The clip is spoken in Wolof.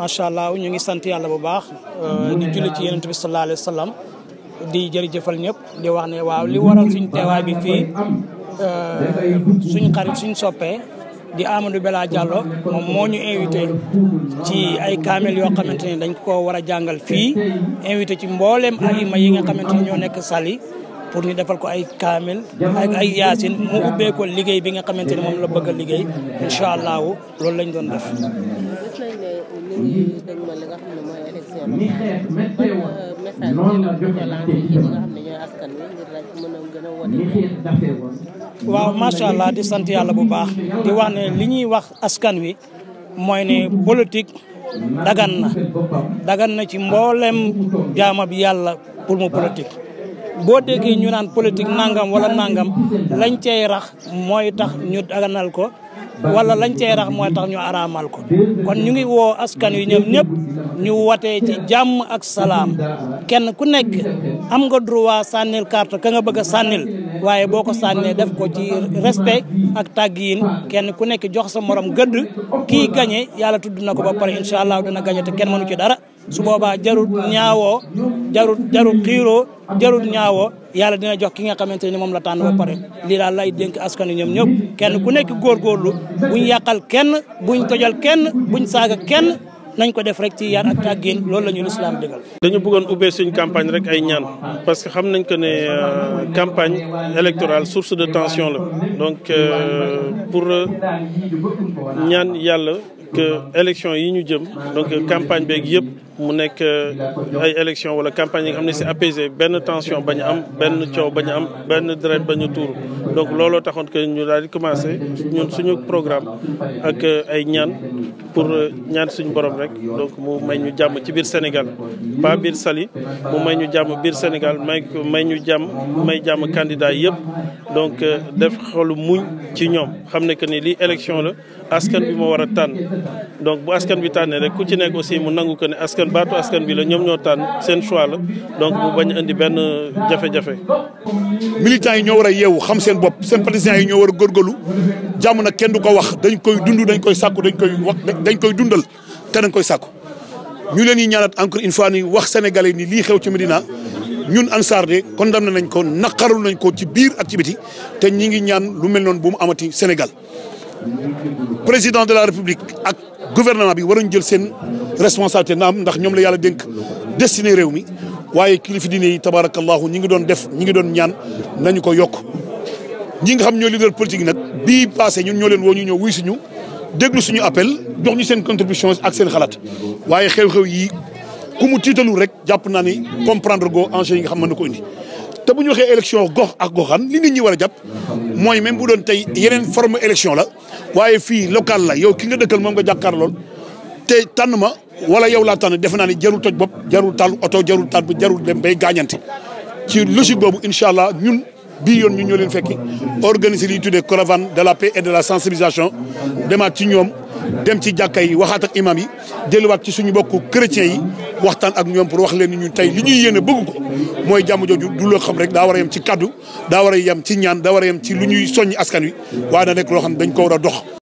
macha allah ñu ngi sant yàlla bu baax euh, di julli ci yonent bi sallallahu di jërëjëfal ñëpp di wax ne waaw li waral suñ teewaay bi fii euh, suñ xarit suñ soppee di Amadou Bella Diallo moom moo ñu invité ci ay kaamel yoo xamante ne dañ ko war a jàngal fii invité ci mboolem ayima yi nga xamante ne ñoo nekk sali pour ñu defal ko ay kaamel ak ay yaasin mu ubbee liggéey bi nga xamante ne moom la bëgg a liggéey incha allahu loolu lañ doon def Euh, waaw macha allah di sant yàlla bu baax di wax ne li ñuy wax askan wi mooy ne politique dagan na dagan na ci mboolem jaama bi yàlla pour mu politique. boo déggee ñu naan politique nangam wala nangam lañ cay rax mooy tax ñu daganal ko. wala lañ cey rax mooy tax ñu araamal ko kon ñu ngi woo askan wi ñoom ñëpp ñu watee ci jàmm ak salaam kenn ku nekk am nga droit sànnil carte ka nga bëgg a sànnil waaye boo ko sànnee def ko ci respect ak tàggiin kenn ku nekk jox sa morom gëdd kii gañe yalla tudd na ko ba pare incha allah dina gañe te kenn mënu ci dara su boobaa jarut ñaawo jarut jarut xiiroo jarut ñaawo yàlla dina jox ki nga xamante ni moom la tànn ba pare lii daal lay dénk askan ñoom ñëpp kenn ku nekk góorgóorlu buñ yàqal kenn buñ tojal kenn buñ saaga kenn nañ ko def rek ci yar ak tàggin loolu la ñu lislaam digal dañu bëggoon ubbee suñ campagne rek ay ñaan parce que xam nañ ko ne euh, campagne électorale source de tension la donc euh, pour euh, ñaan yàlla que élection yi ñu jëm donc campagne beeg yëpp mu nekk euh, ay élection wala campagne yi nga xam ne c'est apaisé benn tension bañ am benn coow bañ am benn deret bañ a tuuru donc looloo taxoon que ñu daal di commencé ñun suñu programme ak euh, ay ñaan pour euh, ñaan suñu borom rek donc mu may ñu jàmm ci biir Sénégal pas biir Sali mu may ñu jàmm biir Sénégal may may ñu jàmm may jàmm candidat yëpp donc def xolu muñ ci ñoom xam ne que ni lii élection la askan bi moo war a tànn donc bu askan bi tànnee rek ku ci nekk aussi mu nangu que ne askan askan baatu askan bi la ñoom ñoo tànn seen choix la donc bu bañ indi benn jafe-jafe. militants yi ñoo war a yeewu xam seen bopp seen partisans yi ñoo war a góorgóorlu jàmm nag kenn du ko wax dañ koy dund dañ koy sàkku dañ koy wax dañ koy dundal te dañ koy sàkku. ñu leen ñuy ñaanat encore une fois ni wax sénégalais ni lii xew ci Medina ñun Ansar de condamné nañ ko naqarul nañ ko ci biir ak ci biti te ñi ngi ñaan lu mel noonu bu mu amati Sénégal président de la république ak gouvernement bi waruñ jël seen. responsabilité na am ndax ñoom la yàlla dénk destiné réew mi waaye kilifa diine yi tabarakallahu ñi ngi doon def ñi ngi doon ñaan nañu ko yokk ñi nga xam ñoo leader politique yi nag bii passé ñun ñoo leen woo ñu ñëw wuy si ñu déglu suñu appel jox ñu seen contribution ak seen xalaat waaye xew-xew yi ku mu tiitalul rek jàpp naa ni comprendre go enjeu yi nga xam mën na ko indi te bu ñu waxee élection gox ak goxaan li nit ñi war a jàpp mooy même bu doon tey yeneen forme élection la waaye fii local la yow ki nga dëkkal moom nga jàkkaar te tànn ma wala yow laa tànn defe naa ne jarul toj bopp jarul taal oto jarul taal bu jarul dem bay gaañante ci logique boobu incha allah ñun bii yoon ñu ñoo leen fekki organiser li ñuy tuddee caravane de la paix et de la sensibilisation demaat ci ñoom dem ci jàkka yi waxaat ak imam yi delluwaat ci suñu mbokku chrétien yi waxtaan ak ñoom pour wax leen ni ñun tey li ñuy yéene bëgg ko mooy jàmm jooju du loo xam rek daa war a yem ci kaddu daa war a yem ci ñaan daa war yem ci lu ñuy soññ askan wi waaye na nekk loo xam dañ ko war a dox.